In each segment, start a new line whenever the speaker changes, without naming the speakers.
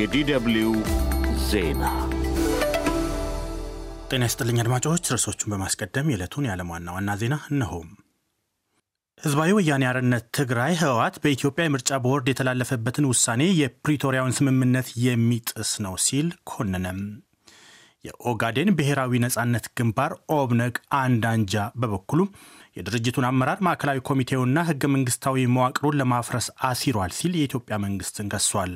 የዲደብሊው ዜና ጤና ይስጥልኝ አድማጮች። ርዕሶቹን በማስቀደም የዕለቱን የዓለም ዋና ዋና ዜና እነሆም። ህዝባዊ ወያኔ አርነት ትግራይ ህወሓት በኢትዮጵያ የምርጫ ቦርድ የተላለፈበትን ውሳኔ የፕሪቶሪያውን ስምምነት የሚጥስ ነው ሲል ኮንነም። የኦጋዴን ብሔራዊ ነፃነት ግንባር ኦብነግ አንዳንጃ በበኩሉ የድርጅቱን አመራር ማዕከላዊ ኮሚቴውና ህገ መንግስታዊ መዋቅሩን ለማፍረስ አሲሯል ሲል የኢትዮጵያ መንግስትን ከሷል።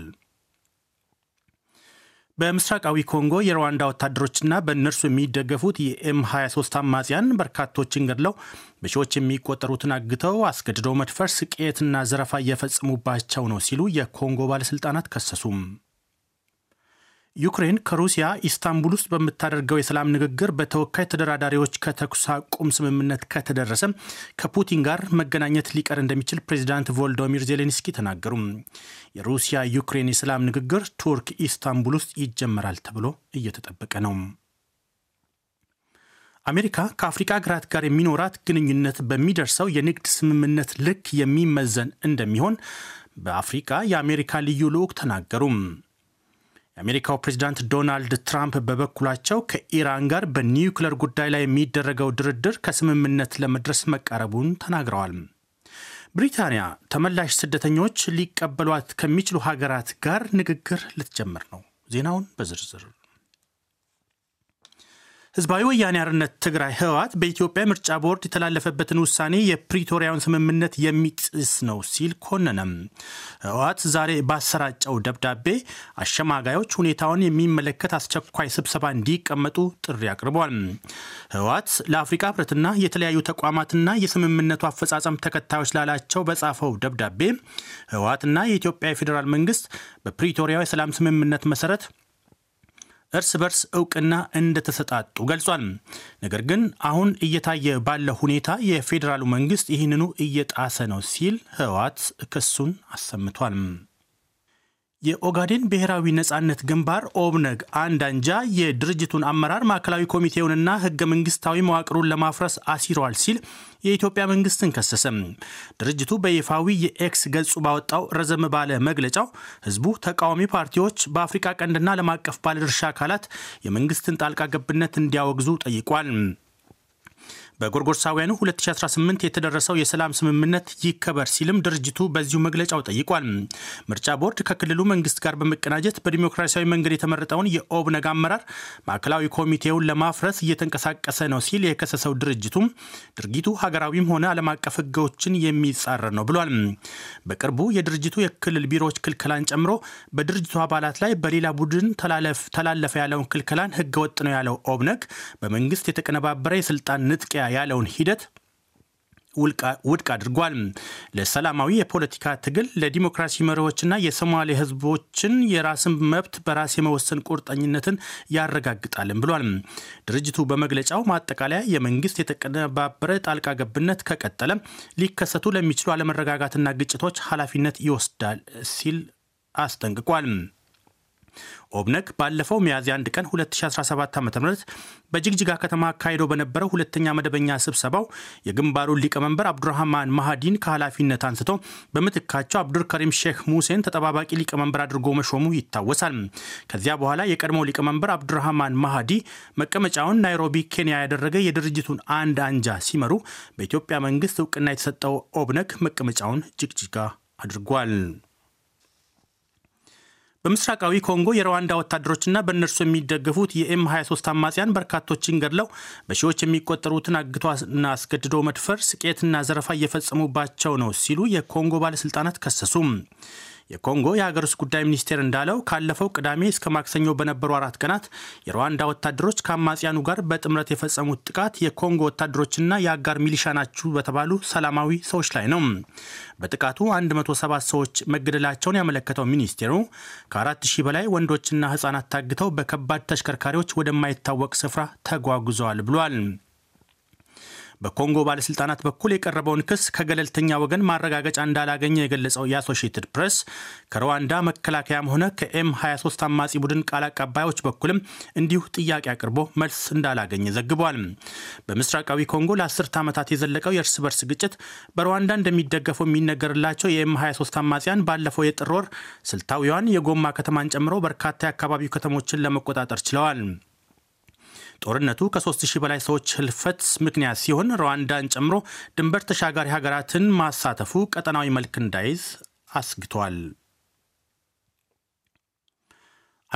በምስራቃዊ ኮንጎ የሩዋንዳ ወታደሮችና በእነርሱ የሚደገፉት የኤም 23 አማጽያን በርካቶችን ገድለው በሺዎች የሚቆጠሩትን አግተው አስገድደው መድፈር፣ ስቅየትና ዘረፋ እየፈጸሙባቸው ነው ሲሉ የኮንጎ ባለሥልጣናት ከሰሱም። ዩክሬን ከሩሲያ ኢስታንቡል ውስጥ በምታደርገው የሰላም ንግግር በተወካይ ተደራዳሪዎች ከተኩስ አቁም ስምምነት ከተደረሰ ከፑቲን ጋር መገናኘት ሊቀር እንደሚችል ፕሬዚዳንት ቮልዶሚር ዜሌንስኪ ተናገሩ። የሩሲያ ዩክሬን የሰላም ንግግር ቱርክ ኢስታንቡል ውስጥ ይጀመራል ተብሎ እየተጠበቀ ነው። አሜሪካ ከአፍሪካ ሀገራት ጋር የሚኖራት ግንኙነት በሚደርሰው የንግድ ስምምነት ልክ የሚመዘን እንደሚሆን በአፍሪካ የአሜሪካ ልዩ ልዑክ ተናገሩም። የአሜሪካው ፕሬዚዳንት ዶናልድ ትራምፕ በበኩላቸው ከኢራን ጋር በኒውክለር ጉዳይ ላይ የሚደረገው ድርድር ከስምምነት ለመድረስ መቃረቡን ተናግረዋል። ብሪታንያ ተመላሽ ስደተኞች ሊቀበሏት ከሚችሉ ሀገራት ጋር ንግግር ልትጀምር ነው። ዜናውን በዝርዝር ህዝባዊ ወያኔ አርነት ትግራይ ህወሓት በኢትዮጵያ ምርጫ ቦርድ የተላለፈበትን ውሳኔ የፕሪቶሪያውን ስምምነት የሚጥስ ነው ሲል ኮነነም። ህወሓት ዛሬ ባሰራጨው ደብዳቤ አሸማጋዮች ሁኔታውን የሚመለከት አስቸኳይ ስብሰባ እንዲቀመጡ ጥሪ አቅርቧል። ህወሓት ለአፍሪካ ህብረትና የተለያዩ ተቋማትና የስምምነቱ አፈጻጸም ተከታዮች ላላቸው በጻፈው ደብዳቤ ህወሓትና የኢትዮጵያ የፌዴራል መንግስት በፕሪቶሪያው የሰላም ስምምነት መሰረት እርስ በርስ እውቅና እንደተሰጣጡ ገልጿል። ነገር ግን አሁን እየታየ ባለ ሁኔታ የፌዴራሉ መንግስት ይህንኑ እየጣሰ ነው ሲል ህወሓት ክሱን አሰምቷል። የኦጋዴን ብሔራዊ ነጻነት ግንባር ኦብነግ አንድ አንጃ የድርጅቱን አመራር ማዕከላዊ ኮሚቴውንና ህገ መንግስታዊ መዋቅሩን ለማፍረስ አሲሯል ሲል የኢትዮጵያ መንግስትን ከሰሰም። ድርጅቱ በይፋዊ የኤክስ ገጹ ባወጣው ረዘም ባለ መግለጫው ህዝቡ፣ ተቃዋሚ ፓርቲዎች፣ በአፍሪካ ቀንድና ዓለም አቀፍ ባለድርሻ አካላት የመንግስትን ጣልቃ ገብነት እንዲያወግዙ ጠይቋል። በጎርጎርሳውያኑ 2018 የተደረሰው የሰላም ስምምነት ይከበር ሲልም ድርጅቱ በዚሁ መግለጫው ጠይቋል። ምርጫ ቦርድ ከክልሉ መንግስት ጋር በመቀናጀት በዲሞክራሲያዊ መንገድ የተመረጠውን የኦብነግ አመራር ማዕከላዊ ኮሚቴውን ለማፍረስ እየተንቀሳቀሰ ነው ሲል የከሰሰው ድርጅቱም ድርጊቱ ሀገራዊም ሆነ ዓለም አቀፍ ሕጎችን የሚጻረር ነው ብሏል። በቅርቡ የድርጅቱ የክልል ቢሮዎች ክልከላን ጨምሮ በድርጅቱ አባላት ላይ በሌላ ቡድን ተላለፈ ያለውን ክልከላን ህገወጥ ነው ያለው ኦብነግ በመንግስት የተቀነባበረ የስልጣን ንጥቅ ። ያለውን ሂደት ውድቅ አድርጓል። ለሰላማዊ የፖለቲካ ትግል ለዲሞክራሲ መሪዎችና የሶማሌ ሕዝቦችን የራስን መብት በራስ የመወሰን ቁርጠኝነትን ያረጋግጣልን ብሏል። ድርጅቱ በመግለጫው ማጠቃለያ የመንግስት የተቀነባበረ ጣልቃ ገብነት ከቀጠለ ሊከሰቱ ለሚችሉ አለመረጋጋትና ግጭቶች ኃላፊነት ይወስዳል ሲል አስጠንቅቋል። ኦብነግ ባለፈው ሚያዝያ 1 ቀን 2017 ዓ ም በጅግጅጋ ከተማ አካሂዶ በነበረው ሁለተኛ መደበኛ ስብሰባው የግንባሩን ሊቀመንበር አብዱራህማን ማሃዲን ከኃላፊነት አንስቶ በምትካቸው ከሪም ሼክ ሙሴን ተጠባባቂ ሊቀመንበር አድርጎ መሾሙ ይታወሳል። ከዚያ በኋላ የቀድሞው ሊቀመንበር አብዱራህማን ማሃዲ መቀመጫውን ናይሮቢ ኬንያ ያደረገ የድርጅቱን አንድ አንጃ ሲመሩ በኢትዮጵያ መንግስት እውቅና የተሰጠው ኦብነግ መቀመጫውን ጅግጅጋ አድርጓል። በምስራቃዊ ኮንጎ የሩዋንዳ ወታደሮችና በእነርሱ የሚደገፉት የኤም 23 አማጽያን በርካቶችን ገድለው በሺዎች የሚቆጠሩትን አግቷና አስገድዶ መድፈር፣ ስቄትና ዘረፋ እየፈጸሙባቸው ነው ሲሉ የኮንጎ ባለስልጣናት ከሰሱም። የኮንጎ የሀገር ውስጥ ጉዳይ ሚኒስቴር እንዳለው ካለፈው ቅዳሜ እስከ ማክሰኞ በነበሩ አራት ቀናት የሩዋንዳ ወታደሮች ከአማጽያኑ ጋር በጥምረት የፈጸሙት ጥቃት የኮንጎ ወታደሮችና የአጋር ሚሊሻ ናችሁ በተባሉ ሰላማዊ ሰዎች ላይ ነው። በጥቃቱ 107 ሰዎች መገደላቸውን ያመለከተው ሚኒስቴሩ ከ4000 በላይ ወንዶችና ህጻናት ታግተው በከባድ ተሽከርካሪዎች ወደማይታወቅ ስፍራ ተጓጉዘዋል ብሏል። በኮንጎ ባለስልጣናት በኩል የቀረበውን ክስ ከገለልተኛ ወገን ማረጋገጫ እንዳላገኘ የገለጸው የአሶሺየትድ ፕሬስ ከሩዋንዳ መከላከያም ሆነ ከኤም 23 አማጺ ቡድን ቃል አቀባዮች በኩልም እንዲሁ ጥያቄ አቅርቦ መልስ እንዳላገኘ ዘግቧል። በምስራቃዊ ኮንጎ ለአስርት ዓመታት የዘለቀው የእርስ በርስ ግጭት በሩዋንዳ እንደሚደገፉ የሚነገርላቸው የኤም 23 አማጺያን ባለፈው የጥር ወር ስልታዊዋን የጎማ ከተማን ጨምሮ በርካታ የአካባቢው ከተሞችን ለመቆጣጠር ችለዋል። ጦርነቱ ከ3000 በላይ ሰዎች ህልፈት ምክንያት ሲሆን ሩዋንዳን ጨምሮ ድንበር ተሻጋሪ ሀገራትን ማሳተፉ ቀጠናዊ መልክ እንዳይዝ አስግቷል።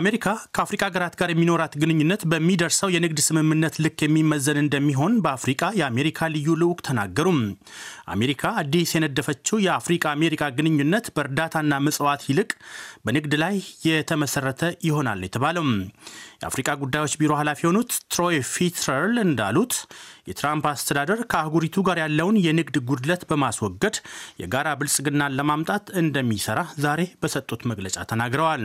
አሜሪካ ከአፍሪካ ሀገራት ጋር የሚኖራት ግንኙነት በሚደርሰው የንግድ ስምምነት ልክ የሚመዘን እንደሚሆን በአፍሪቃ የአሜሪካ ልዩ ልዑክ ተናገሩም። አሜሪካ አዲስ የነደፈችው የአፍሪቃ አሜሪካ ግንኙነት በእርዳታና ምጽዋት ይልቅ በንግድ ላይ የተመሰረተ ይሆናል የተባለው የአፍሪቃ ጉዳዮች ቢሮ ኃላፊ የሆኑት ትሮይ ፊትረል እንዳሉት የትራምፕ አስተዳደር ከአህጉሪቱ ጋር ያለውን የንግድ ጉድለት በማስወገድ የጋራ ብልጽግናን ለማምጣት እንደሚሰራ ዛሬ በሰጡት መግለጫ ተናግረዋል።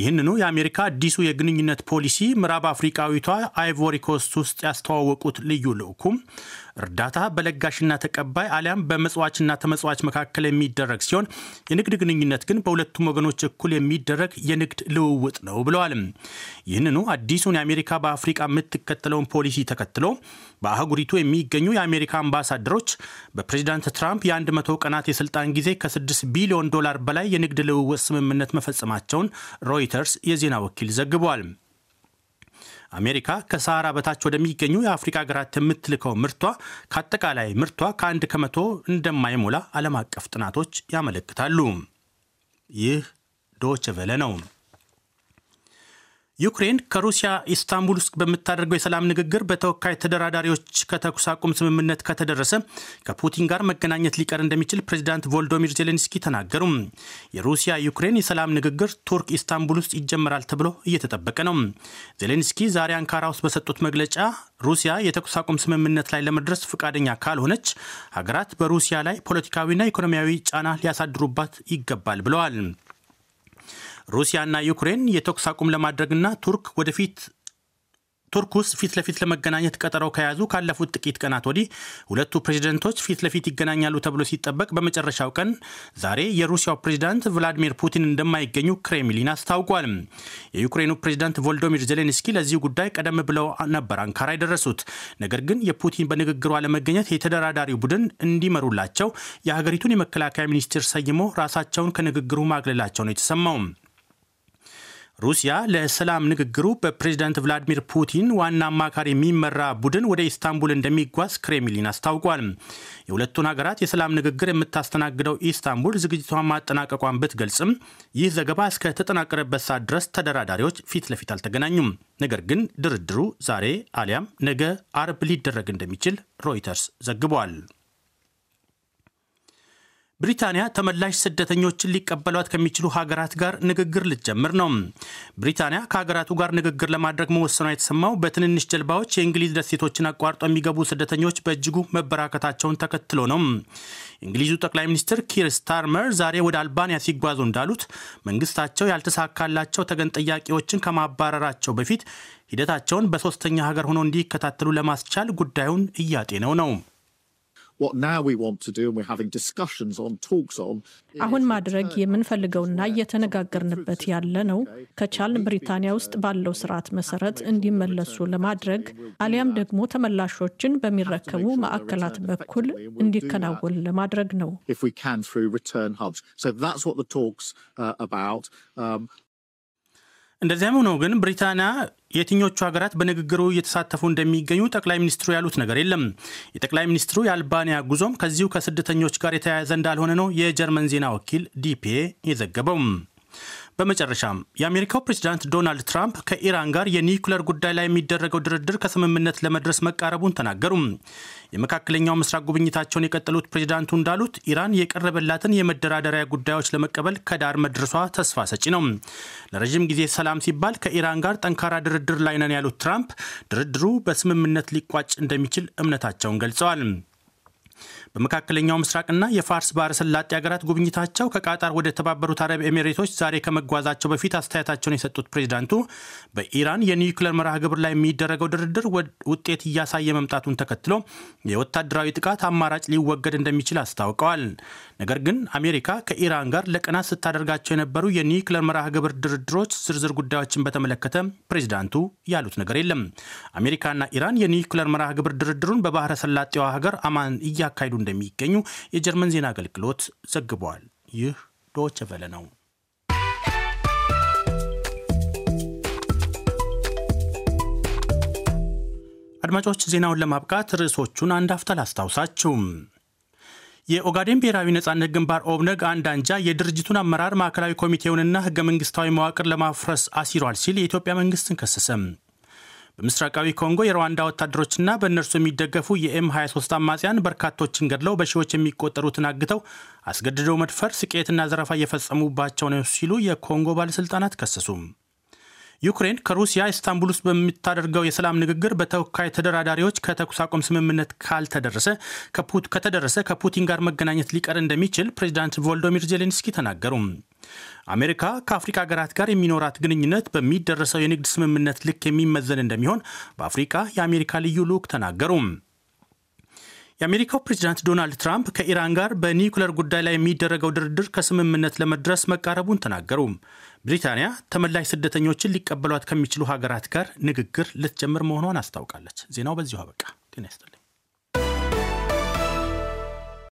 ይህንኑ የአሜሪካ አዲሱ የግንኙነት ፖሊሲ ምዕራብ አፍሪካዊቷ አይቮሪኮስት ውስጥ ያስተዋወቁት ልዩ ልዑኩም እርዳታ በለጋሽና ተቀባይ አሊያም በመጽዋችና ተመጽዋች መካከል የሚደረግ ሲሆን የንግድ ግንኙነት ግን በሁለቱም ወገኖች እኩል የሚደረግ የንግድ ልውውጥ ነው ብለዋል ይህንኑ አዲሱን የአሜሪካ በአፍሪቃ የምትከተለውን ፖሊሲ ተከትሎ በአህጉሪቱ የሚገኙ የአሜሪካ አምባሳደሮች በፕሬዚዳንት ትራምፕ የ100 ቀናት የስልጣን ጊዜ ከ6 ቢሊዮን ዶላር በላይ የንግድ ልውውጥ ስምምነት መፈጸማቸውን ሮይ ሮይተርስ የዜና ወኪል ዘግቧል። አሜሪካ ከሰሃራ በታች ወደሚገኙ የአፍሪካ ሀገራት የምትልከው ምርቷ ከአጠቃላይ ምርቷ ከአንድ ከመቶ እንደማይሞላ ዓለም አቀፍ ጥናቶች ያመለክታሉ። ይህ ዶችቨለ ነው። ዩክሬን ከሩሲያ ኢስታንቡል ውስጥ በምታደርገው የሰላም ንግግር በተወካይ ተደራዳሪዎች ከተኩስ አቁም ስምምነት ከተደረሰ ከፑቲን ጋር መገናኘት ሊቀር እንደሚችል ፕሬዚዳንት ቮልዶሚር ዜሌንስኪ ተናገሩ። የሩሲያ ዩክሬን የሰላም ንግግር ቱርክ ኢስታንቡል ውስጥ ይጀመራል ተብሎ እየተጠበቀ ነው። ዜሌንስኪ ዛሬ አንካራ ውስጥ በሰጡት መግለጫ ሩሲያ የተኩስ አቁም ስምምነት ላይ ለመድረስ ፈቃደኛ ካልሆነች ሀገራት በሩሲያ ላይ ፖለቲካዊና ኢኮኖሚያዊ ጫና ሊያሳድሩባት ይገባል ብለዋል። ሩሲያና ዩክሬን የተኩስ አቁም ለማድረግና ቱርክ ወደፊት ቱርክ ውስጥ ፊት ለፊት ለመገናኘት ቀጠሮ ከያዙ ካለፉት ጥቂት ቀናት ወዲህ ሁለቱ ፕሬዚደንቶች ፊት ለፊት ይገናኛሉ ተብሎ ሲጠበቅ በመጨረሻው ቀን ዛሬ የሩሲያው ፕሬዚዳንት ቭላዲሚር ፑቲን እንደማይገኙ ክሬምሊን አስታውቋል። የዩክሬኑ ፕሬዚዳንት ቮልዶሚር ዜሌንስኪ ለዚህ ጉዳይ ቀደም ብለው ነበር አንካራ የደረሱት። ነገር ግን የፑቲን በንግግሩ አለመገኘት የተደራዳሪው ቡድን እንዲመሩላቸው የሀገሪቱን የመከላከያ ሚኒስቴር ሰይሞ ራሳቸውን ከንግግሩ ማግለላቸው ነው የተሰማው። ሩሲያ ለሰላም ንግግሩ በፕሬዚዳንት ቭላዲሚር ፑቲን ዋና አማካሪ የሚመራ ቡድን ወደ ኢስታንቡል እንደሚጓዝ ክሬምሊን አስታውቋል። የሁለቱን ሀገራት የሰላም ንግግር የምታስተናግደው ኢስታንቡል ዝግጅቷን ማጠናቀቋን ብትገልጽም ይህ ዘገባ እስከ ተጠናቀረበት ሰዓት ድረስ ተደራዳሪዎች ፊት ለፊት አልተገናኙም። ነገር ግን ድርድሩ ዛሬ አሊያም ነገ አርብ ሊደረግ እንደሚችል ሮይተርስ ዘግቧል። ብሪታንያ ተመላሽ ስደተኞችን ሊቀበሏት ከሚችሉ ሀገራት ጋር ንግግር ልትጀምር ነው። ብሪታንያ ከሀገራቱ ጋር ንግግር ለማድረግ መወሰኗ የተሰማው በትንንሽ ጀልባዎች የእንግሊዝ ደሴቶችን አቋርጦ የሚገቡ ስደተኞች በእጅጉ መበራከታቸውን ተከትሎ ነው። የእንግሊዙ ጠቅላይ ሚኒስትር ኪር ስታርመር ዛሬ ወደ አልባንያ ሲጓዙ እንዳሉት መንግስታቸው ያልተሳካላቸው ተገን ጥያቄዎችን ከማባረራቸው በፊት ሂደታቸውን በሶስተኛ ሀገር ሆኖ እንዲከታተሉ ለማስቻል ጉዳዩን እያጤነው ነው። አሁን ማድረግ የምንፈልገውና እየተነጋገርንበት ያለ ነው ከቻል ብሪታንያ ውስጥ ባለው ስርዓት መሰረት እንዲመለሱ ለማድረግ አሊያም ደግሞ ተመላሾችን በሚረከቡ ማዕከላት በኩል እንዲከናወን ለማድረግ ነው። uh, um, እንደዚያም ሆኖ ግን ብሪታንያ የትኞቹ ሀገራት በንግግሩ እየተሳተፉ እንደሚገኙ ጠቅላይ ሚኒስትሩ ያሉት ነገር የለም። የጠቅላይ ሚኒስትሩ የአልባንያ ጉዞም ከዚሁ ከስደተኞች ጋር የተያያዘ እንዳልሆነ ነው የጀርመን ዜና ወኪል ዲፒኤ የዘገበው። በመጨረሻም የአሜሪካው ፕሬዚዳንት ዶናልድ ትራምፕ ከኢራን ጋር የኒውክለር ጉዳይ ላይ የሚደረገው ድርድር ከስምምነት ለመድረስ መቃረቡን ተናገሩ። የመካከለኛው ምስራቅ ጉብኝታቸውን የቀጠሉት ፕሬዚዳንቱ እንዳሉት ኢራን የቀረበላትን የመደራደሪያ ጉዳዮች ለመቀበል ከዳር መድረሷ ተስፋ ሰጪ ነው። ለረዥም ጊዜ ሰላም ሲባል ከኢራን ጋር ጠንካራ ድርድር ላይ ነን ያሉት ትራምፕ ድርድሩ በስምምነት ሊቋጭ እንደሚችል እምነታቸውን ገልጸዋል። በመካከለኛው ምስራቅና የፋርስ ባህረ ሰላጤ ሀገራት ጉብኝታቸው ከቃጣር ወደ ተባበሩት አረብ ኤሚሬቶች ዛሬ ከመጓዛቸው በፊት አስተያየታቸውን የሰጡት ፕሬዚዳንቱ በኢራን የኒውክሌር መርሃ ግብር ላይ የሚደረገው ድርድር ውጤት እያሳየ መምጣቱን ተከትሎ የወታደራዊ ጥቃት አማራጭ ሊወገድ እንደሚችል አስታውቀዋል። ነገር ግን አሜሪካ ከኢራን ጋር ለቀናት ስታደርጋቸው የነበሩ የኒውክሌር መርሃ ግብር ድርድሮች ዝርዝር ጉዳዮችን በተመለከተ ፕሬዚዳንቱ ያሉት ነገር የለም። አሜሪካና ኢራን የኒውክሌር መርሃ ግብር ድርድሩን በባህረ ሰላጤዋ ሀገር አማን እያካሄዱ እንደሚገኙ የጀርመን ዜና አገልግሎት ዘግቧል። ይህ ዶይቼ ቬለ ነው። አድማጮች ዜናውን ለማብቃት ርዕሶቹን አንድ አፍታ ላስታውሳችሁ። የኦጋዴን ብሔራዊ ነጻነት ግንባር ኦብነግ አንድ አንጃ የድርጅቱን አመራር ማዕከላዊ ኮሚቴውንና ህገ መንግስታዊ መዋቅር ለማፍረስ አሲሯል ሲል የኢትዮጵያ መንግስትን ከሰሰም። በምስራቃዊ ኮንጎ የሩዋንዳ ወታደሮችና በእነርሱ የሚደገፉ የኤም 23 አማጽያን በርካቶችን ገድለው በሺዎች የሚቆጠሩትን አግተው አስገድደው መድፈር፣ ስቅየትና ዘረፋ እየፈጸሙባቸው ነው ሲሉ የኮንጎ ባለሥልጣናት ከሰሱ። ዩክሬን ከሩሲያ ኢስታንቡል ውስጥ በምታደርገው የሰላም ንግግር በተወካይ ተደራዳሪዎች ከተኩስ አቁም ስምምነት ካልተደረሰ ከተደረሰ ከፑቲን ጋር መገናኘት ሊቀር እንደሚችል ፕሬዚዳንት ቮልዶሚር ዜሌንስኪ ተናገሩ። አሜሪካ ከአፍሪካ ሀገራት ጋር የሚኖራት ግንኙነት በሚደረሰው የንግድ ስምምነት ልክ የሚመዘን እንደሚሆን በአፍሪካ የአሜሪካ ልዩ ልዑክ ተናገሩ። የአሜሪካው ፕሬዚዳንት ዶናልድ ትራምፕ ከኢራን ጋር በኒውክለር ጉዳይ ላይ የሚደረገው ድርድር ከስምምነት ለመድረስ መቃረቡን ተናገሩ። ብሪታንያ ተመላሽ ስደተኞችን ሊቀበሏት ከሚችሉ ሀገራት ጋር ንግግር ልትጀምር መሆኗን አስታውቃለች። ዜናው በዚሁ አበቃ። ጤና ይስጥልኝ።